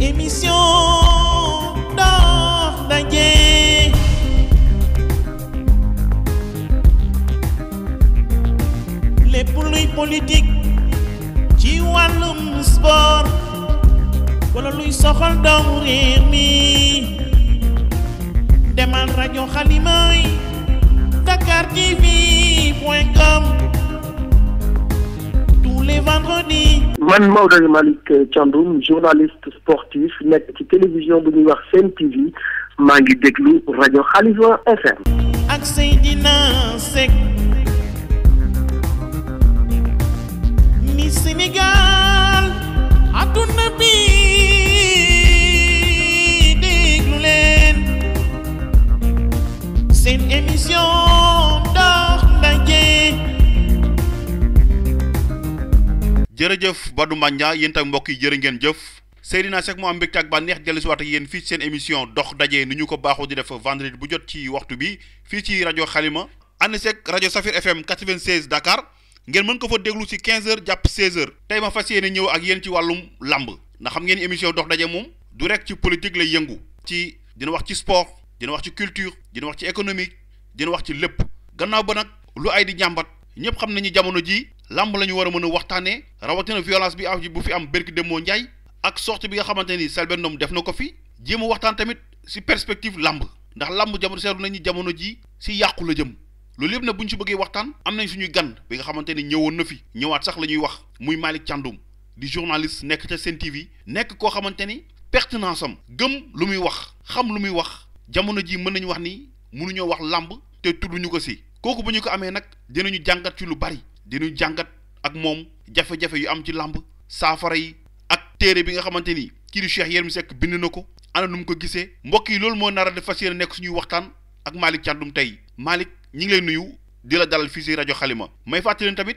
émission Ndox Daje lépp luy politique ci sport wala luy soxal doomu demal rajo xalimay Dakar TV man Maodo Malik Thiandoum journaliste sportif nek ci télévision bu ñuy wax Sen TV maa ngi déglu radio Khalifa FM. ak Seydina Seck mi Sénégal adduna bi déglu leen seen émission. jërëjëf badu manja yéen tam mbokk yi jërë ngeen jëf Seydina sek moo am mbégte ak bànneex dellu si waat ak yéen fii seen émission dox daje ni ñu ko baaxoo di def vendredi bu jot ci waxtu bi fii ci rajo Xalima ànd sek rajo Safir FM 96 Dakar ngeen mën ko fa déglu si 15h jàpp 16h tey ma fas yéene ñëw ak yéen ci wàllum lamb ndax xam ngeen émission dox daje moom du rek ci politique lay yëngu ci dina wax ci sport dina wax ci culture dina wax ci économique dina wax ci lépp gannaaw ba nag lu ay di njàmbat ñëpp xam nañu jamono ji lamb lañu wara mëna waxtané rawatina violence bi af bu fi am ak sorte bi nga xamanteni ni Selbé def ko fi jéem waxtan tamit si perspective lamb ndax lamb jamono seetlu nañu jamono ji si yaqku la jëm loolu yëpp na buñ ci si bëggee waxtaan am nañ suñuy gan bi nga xamanteni ni ñëwoon na fi ñëwaat sax lañuy wax muy malik tiandoum di journaliste nekk ca Sen TV nekk koo xamanteni pertinence am gëm lu wax xam lu wax jamono ji mën wax ni wax lamb te tudduñu ko si kooku bu ñu ko amee nag dinañu jàngat ci lu bari dinu jàngat ak moom jafe-jafe yu am ci làmb saafara yi ak téere bi nga xamante ni kii di Cheikh Yérim Seck bind na ko ana nu mu ko gisee mbokk yi loolu moo nar a def fas yéene nekk suñuy waxtaan ak Malick Thiandoum tey Malick ñi ngi lay nuyu di la dalal fii si rajo Xalima may fàttali tamit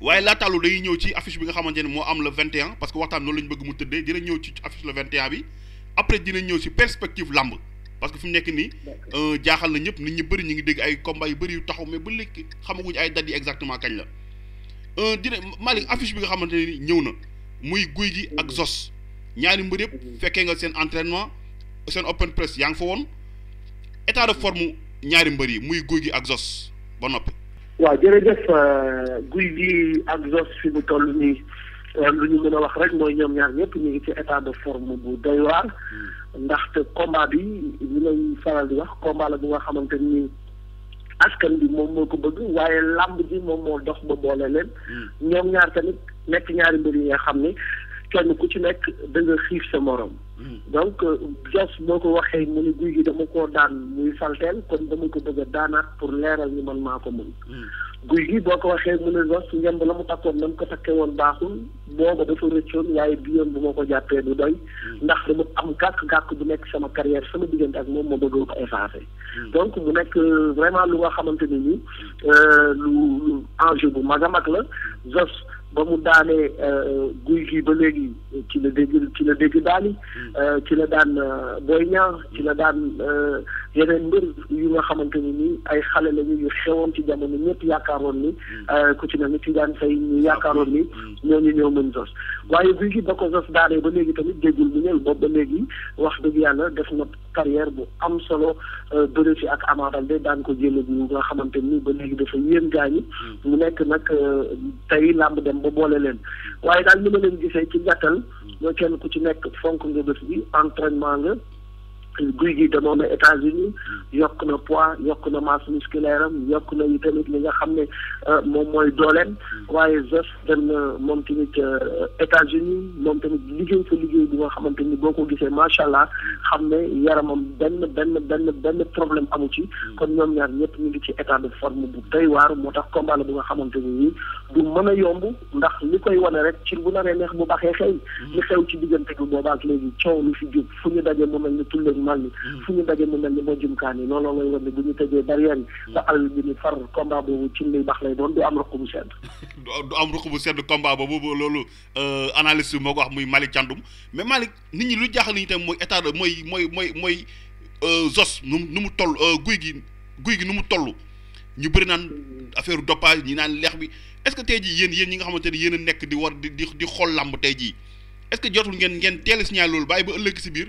waaye laata loolu dañuy ñëw ci affiche bi nga xamante ne moo am le 21 parce que waxtaan noonu lañ bëgg mu tëddee dina ñëw ci affiche le 21 bi après dina ñëw ci perspective lamb parce que fi mu nekk nii euh, jaaxal na ñëpp nit ñi bëri ñi ngi dégg ay combat yu bëri yu taxaw mais ba léegi xamaguñ ay date yi exactement kañ la euh, dina Malick affiche bi nga xamante ne ñëw na muy guy gi ak mm. Zos ñaari mbër yëpp mm. fekkee nga seen entraînement seen open press yaa ngi fa woon état de mm. forme ñaari mbër yi muy guy gi ak Zos ba noppi. waaw jërëjëf euh, guy bi ak Zoss fi mu toll nii euh, lu ñu mën a wax rek mooy ñoom ñaar ñëpp ñu ngi ci état de forme bu doy waar hmm. ndaxte combat bi ñu lay faral di wax combat la bu nga xamante ni askan bi moom moo ko bëgg waaye làmb ji moom moo dox ba boole leen hmm. ñoom ñaar tamit nekk ñaari mbir yi nga xam ni kenn ku ci nekk da nga xiif sa morom donc euh, Dias boo ko waxee mu ne guy gi dama koo daan muy salteel kon dama ko bëgg a daanaat pour leeral ni man maa ko mën. Hmm. guy gi boo ko waxee mu ne Zos ngemb la mu takkoon na mu ko takkee woon baaxul booba dafa rëccoon waaye bi yoon bu ma ko jàppee du doy. Hmm. ndax dama am gàkk-gàkk bu nekk sama carrière sama diggante ak moom ma bëgg ko effacer. Hmm. donc mu nekk euh, vraiment lu nga xamante ni nii euh, lu lu enjeu bu mag a mag la Zos. ba mu daanee euh, guy qui ba la qui la qui mm. euh, la euh, yeneen mbir yu nga xamante ni nii ay xale lañu yu xewoon ci jamono ñëpp yaakaaroon ni mm. euh, ku ci mel ni Tidiane Faye ñu yaakaaroon ni mm. ñooñu ñëw mën Zoss waaye bii gi ba ko Zoss daanee ba léegi tamit déggul bu ñëw boobu ba léegi wax dëgg yàlla def na carrière bu am solo euh, bëre ci ak Ama Baldé daan ko jële bi nga xamante ni ba léegi dafa yéen gaañi mm. mu nekk nag euh, tey làmb dem ba boole leen waaye daal ni ma leen gisee ci gàttal kenn ku ci nekk fonk nga bët bi entraînement nga guigui da demoon na États-Unis yok na poids yok na masse musculaire yok na yi tamit li nga xamné euh, mom moy mooy waye waaye Zeus dem na moom tamit euh, États-Unis mom tamit liggéey fa liggéey bi nga xamante boko boo ko gisee macha allah xam ne yaramam benn benn benn benn problème amu ci kon ñom ñaar ñepp ñu ngi ci état de forme bu doy war motax combat la bu nga xamante ni du mëna yomb ndax li koy wane rek ci bu naree neex bu baxé xey li xew ci bu boba ak légui ciow lu fi jóg fu ñu dajee mu mel ni mal ni mm. fu ñu daje mu mel ni moo jumkaan yi looloo lay wan ne bu ñu tëjee barrière mm. ba àll bi ñu far combat boobu ci lay baax lay doon du am ruq bu sedd du am ruq bu sedd combat boobu loolu euh, analyste bi moo ko wax muy Malick Thiandoum mais Malick nit ñi lu jaaxal nañu tamit mooy état de mooy mooy mooy mooy euh, zos nu mu nu mu toll euh, guy gi guy gi nu mu toll ñu bëri naan mm. affaire dopage ñi naan leex bi est-ce que tey jii yéen yéen ñi nga xamante ne yéen a nekk di war di di di xool làmb tey jii est-ce que ngeen ngeen teel a signalé loolu bàyyi ba si biir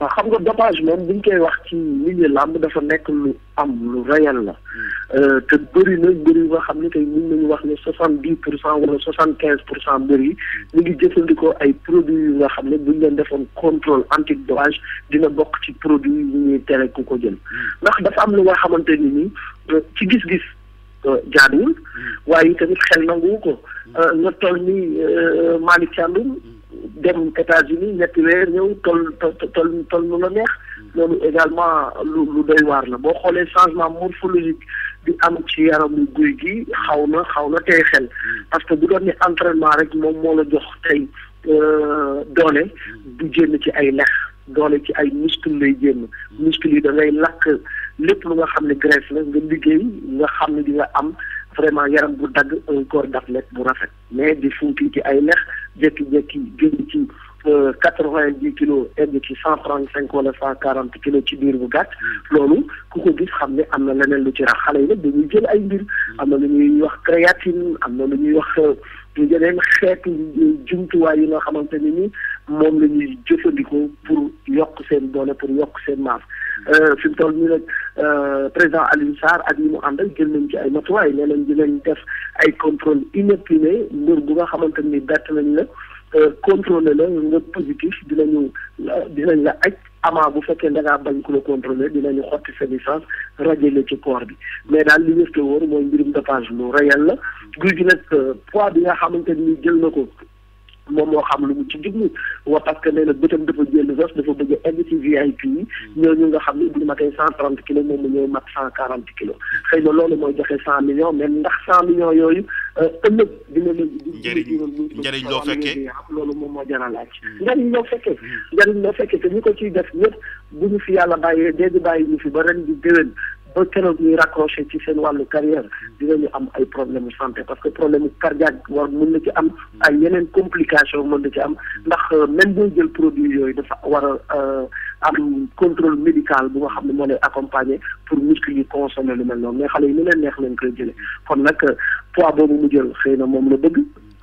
waaw xam nga dopage moom bu koy wax ci milieu làmb dafa nekk lu am lu réel la euh, te bëri na bëri nga xam ne tey mën nañu wax ne soixante dix pour cent wala soixante quinze pour cent bëri ñu ngi jëfandikoo ay produit yu nga xam ne bu ñu leen defoon contrôle anti dopage dina bokk ci produit yu ñuy tere ku ko jël ndax dafa am lu nga xamante ni nii euh, ci gis-gis euh, jaaduwul mm. waaye tamit xel nanguwu ko mm. nga toll ni Malick Thiandoum mm. dem États-Unis ñetti weer ñëw tol tol tol tol nu la neex loolu également lu lu doy waar la boo xoolee changement morphologique di am ci yaram yaramu guy gi xaw na xaw na tey xel parce que bu doon ne rek moom moo la jox tey euh, doole du génn ci ay lex doole ci ay muscle lay génn muscle yi da ngay lakk lépp lu nga xam ne graisse la nga liggéey nga xam ne di nga am vraiment yaram bu dagg un corps d'athlète bu rafet mais di funki ci ay lex jékki-jékki génn ci euh, quatre-vingt-dix kilos egg ci cent trente-cinq wala cent quarante kilos ci biir bu gàtt hmm. loolu ku ko gis xam ne am na leneen lu ci rax xale yi nag dañuy jël ay mbir hmm. am na lu ñuy wax créatine am na lu ñuy wax ñu euh, yeneen xeetu jumtuwaay yi nga xamante ni nii moom la ñuy jëfandikoo pour yokk seen doole pour yokk seen maas euh, fi mu toll nii nag euh, président Alioune Sarr ak ñi mu àndal jël nañ ci ay matuwaay nee nañ dinañ def ay contrôle inopiné mbir bu nga xamante ni bett nañ la euh, contrôlé la nga positif dinañu dinañ la aj amaa bu fekkee da ngaa bañ ku la contrôlé dinañu xotti sa licence rajo la ci corps bi mais daal li wér te wóor mooy mbirum dépage lu réel la guy gi nag poids bi nga xamante ni jël na ko moom moo xam lu mu ci jublu wa parce que nee na bëtam dafa jël ves dafa bëgg a egg ci VIP yi ñooñu nga xam ne bu ñu matee cent trente kilos moom mu ñooy mat cent quarante kilos xëy na loolu mooy joxe cent millions mais ndax cent millions yooyu euh, ëllëg dina la njëriñ loolu moom moo jar a laaj hmm. njëriñ loo fekkee hmm. njëriñ loo fekkee te ñu ko ciy def ñëpp bu ñu fi yàlla bàyyee dégg bàyyi ñu fi ba ren di déwén ba keroog ñuy raccroché ci seen wàllu carrière dinañu am ay problème santé parce que problème cardiaque war mën na ci am ay yeneen complication mën na ci am ndax même boo jël produit yooyu dafa war a am contrôle médical bu nga xam ne moo lay accompagner pour muscle yi consommer lu mel noonu mais xale yi lu leen neex lañ koy jëlee kon nag poids boobu mu jël xëy na moom la bëgg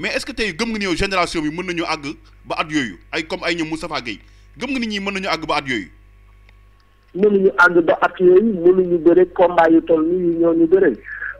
mais est-ce que tey gëm nga ni yow génération bi mën nañu àgg ba at yooyu ay comme ay ñoom Moustapha gay gëm nga ni ñii mën nañu àgg ba at yooyu. mënuñu àgg ba at yooyu mënuñu bëre combat yu toll nii yu ñoo ñu bëre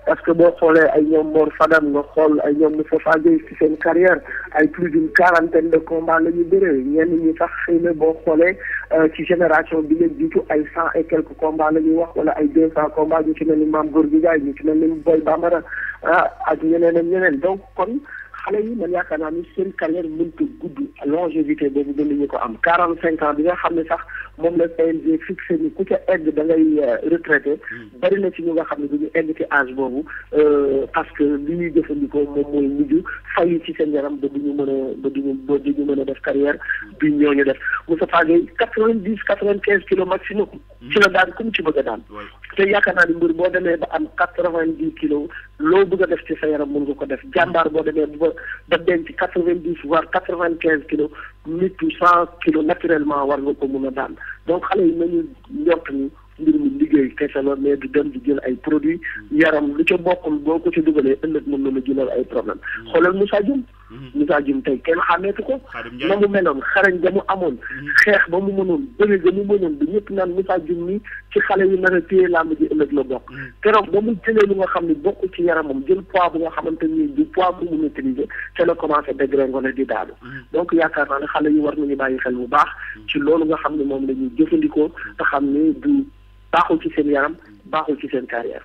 parce que boo xoolee ay ñoom Mor Fadam nga xool ay ñoom Moustapha Guèye ci seen carrière ay plus d'une quarantaine de combat la ñu bëree ñenn ñi sax xëy na boo xoolee euh, ci génération bi leen jiitu ay cent et quelques combats la ñuy wax wala ay deux cent combats ñu ci mel ni Mame Gorgui Gaye ñu ci mel ni Boy Bambara ah ak ñeneen ak ñeneen donc kon xale yi man yaakaar naa ni seen carrière mënta gudd longévité boobu mën nañu ko am 45 ans bi nga xam ne sax moom la PNG fixé ni ku ca egg da ngay euh, retraité hmm. bari na ci ñu nga xam ne du egg ci âge boobu euh, parce que li ñuy jëfandikoo moom mooy mujj fayu ci seen yaram ba du ñu mën a ba du ñu ba du ñu mën a def carrière hmm. bi ñooñu def Moustapha Gueye quatre vingt dix quatre vingt hmm. ci la daan ku ci bëgg daan te yaakaar naa ni mbir boo demee ba am quatre vingt dix loo bëgg a def ci sa yaram mun nga ko def jàmbaar boo demee ba ba denc quatre vingt dix voire quatre vingt quinze kilos nit yu cent kilos naturellement war nga ko mun a daan donc xale yi nañu njort ni mbir mi liggéey kese la mais du dem di jël ay produits hmm. yaram lu ca bokkul boo ko ci dugalee ëllëg mën na la jëlal ay problème hmm. Mhm. Moussa Dioum tey kenn xàmmeetu ko. na mu meloon xarañ ga mu amoon. Mhm. xeex ba mu mënoon bëri ga mu mënoon bi ñëpp naan Moussa Dioum nii ci xale yu nar a téye làmb ji la bokk. Mhm. keroog ba mu jëlee lu nga xam ne bokk ci moom jël poids bu nga xamante ni du poids bu mu maîtriser te la commencé dégringolé di daanu. donc yaakaar naa ne xale yu war ñu bàyyi xel bu baax. ci loolu nga xam ne moom la ñuy jëfandikoo te xam ne du baaxul ci seen yaram baaxul ci seen carrière.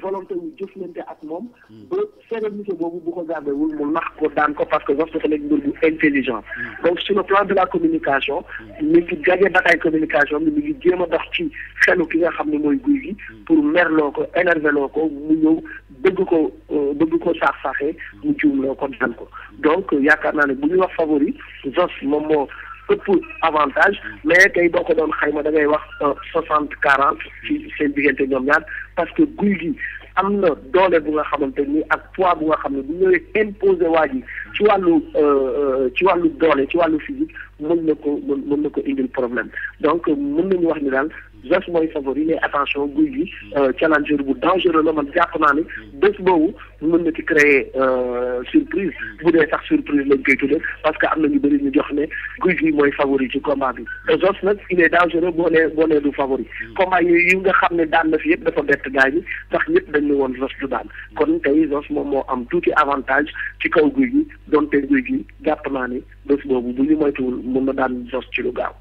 volonté wu jëflante ak moom. Hmm. ba sérénité boobu bu ko gardé wul mu nax ko daan ko parce que Zoss dafa nekk mbir bu intelligent. Hmm. donc sur le plan de la communication. Hmm. mi ngi gagné bataille communication bi mi ngi jéem a dox ci xelu ki nga xam ne mooy guy gi. pour merloo ko énervé loo ko mu ñëw bëgg ko euh, bëgg ko saax saaxee. mu jiwloo ko daan ko donc euh, yaakaar naa ne bu ñuy wax favori Zoss moom moo ëpp avantage mais tey boo ko doon xayma da ngay wax soixante quarante ci seen diggante ñoom ñaar parce que guy gi am na doole bu nga xamante ni ak poids bu nga xam ne bu ñëwee imposé waa ji ci wàllu euh, euh, ci wàllu doole ci wàllu physique mën na ko mën na ko indil problème donc mën nañu wax ni daal Zoss mooy favori mais attention guy gi euh, challenger bu dangereux la man jàpp naa ne bés boobu mën na ci créer euh, surprise bu dee sax surprise lañ koy tuddee parce que am na ñu bëri ñu jox ne guy gi mooy favori ci combat bi te Zoss nag il est dangereux boo nee boo nee du favori combat yooyu yi nga xam ne daan na fi yëpp dafa bett gaay bi sax ñëpp dañ ne woon Zoss du daan kon tey Zoss moom moo am tuuti avantage ci kaw guy gi donte guy gi jàpp naa ne bés boobu bu ñu moytuwul mën na daan Zoss ci lu gaaw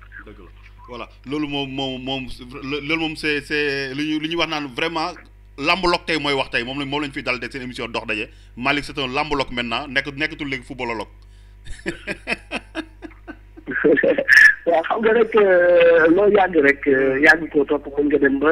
voilà loolu mom mom moom loolu mom c'est c'est liñu liñu wax nan vraiment lamb lok tay moy wax tay mom lañ moom lañ fi dal de seen émission dox dajé malik c'est un lamb lok maintenant nek nekk légui football lok wa xam nga rek euh, lo yàgg rek euh, yàgg ko top mën nga dem ba.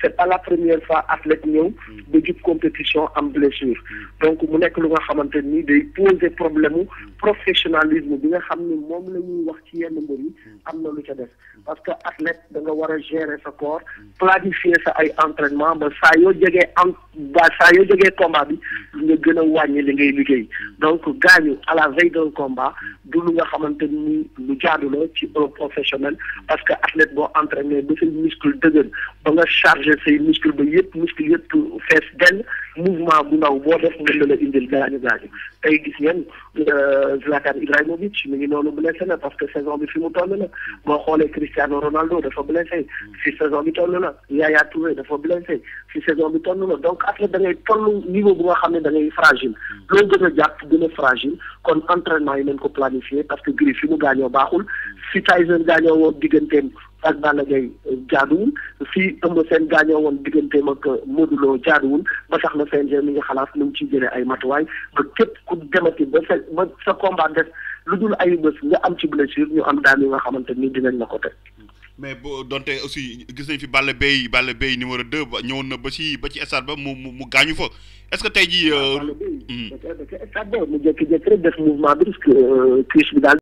c'est pas la première fois athlète ñëw mm. de jub compétition am blessure mm. donc mu avons lu de poser problème mm. professionnalisme bi nga xam ni moom la wax ci yenn mbir lu def parce que athlète da nga war gérer sa corps planifier sa ay entraînement Mais ça, yoo jegee en ba ça yoo jegee combat bi nga gën a wàññi li ngay donc gagne à la veille d'un combat du lu nga xamante ni lu un professionnel parce que athlète doit entraîné ba de muscle dëgër ba nga chargé chargé say muscle ba yëpp muscle yëpp fees dell mouvement bu ndaw boo def mën na la indil gaañu gaañu tey gis ngeen euh, Zlatan Ibrahimovic mi ngi noonu blessé na parce que saison bi fi mu toll la boo xoolee Cristiano Ronaldo dafa blessé fi saison bi toll la Yaya Touré dafa blessé fi saison bi toll la donc après da ngay toll niveau bu nga xam ne da ngay fragile loo gën a jàpp gën a fragile kon entraînement yi nañ ko planifier parce que Gris fi mu gaañoo baaxul fi Tyson gaañoo woon digganteem ak Balla Gaye jaaduwul fii ëmb seen gaañoo woon diggante ak Modou Lo jaaduwul ba tax na CNG mi ngi xalaat nu mu ciy ay matuwaay képp ku demati ba ba sa combat def lu dul ay bés nga am ci blessure ñu am daan yi nga xamante ni dinañ na ko teg. mais boo donte aussi gis nañ fi Balla Gaye Balla Gaye numéro 2 ba ñëwoon na ba ci ba ci stade ba mu mu gaañu fa est que tey jii. Euh, Balla Gaye. Hmm. da mu jékki-jékki rek def mouvement bi puisque euh, cuisse bi daal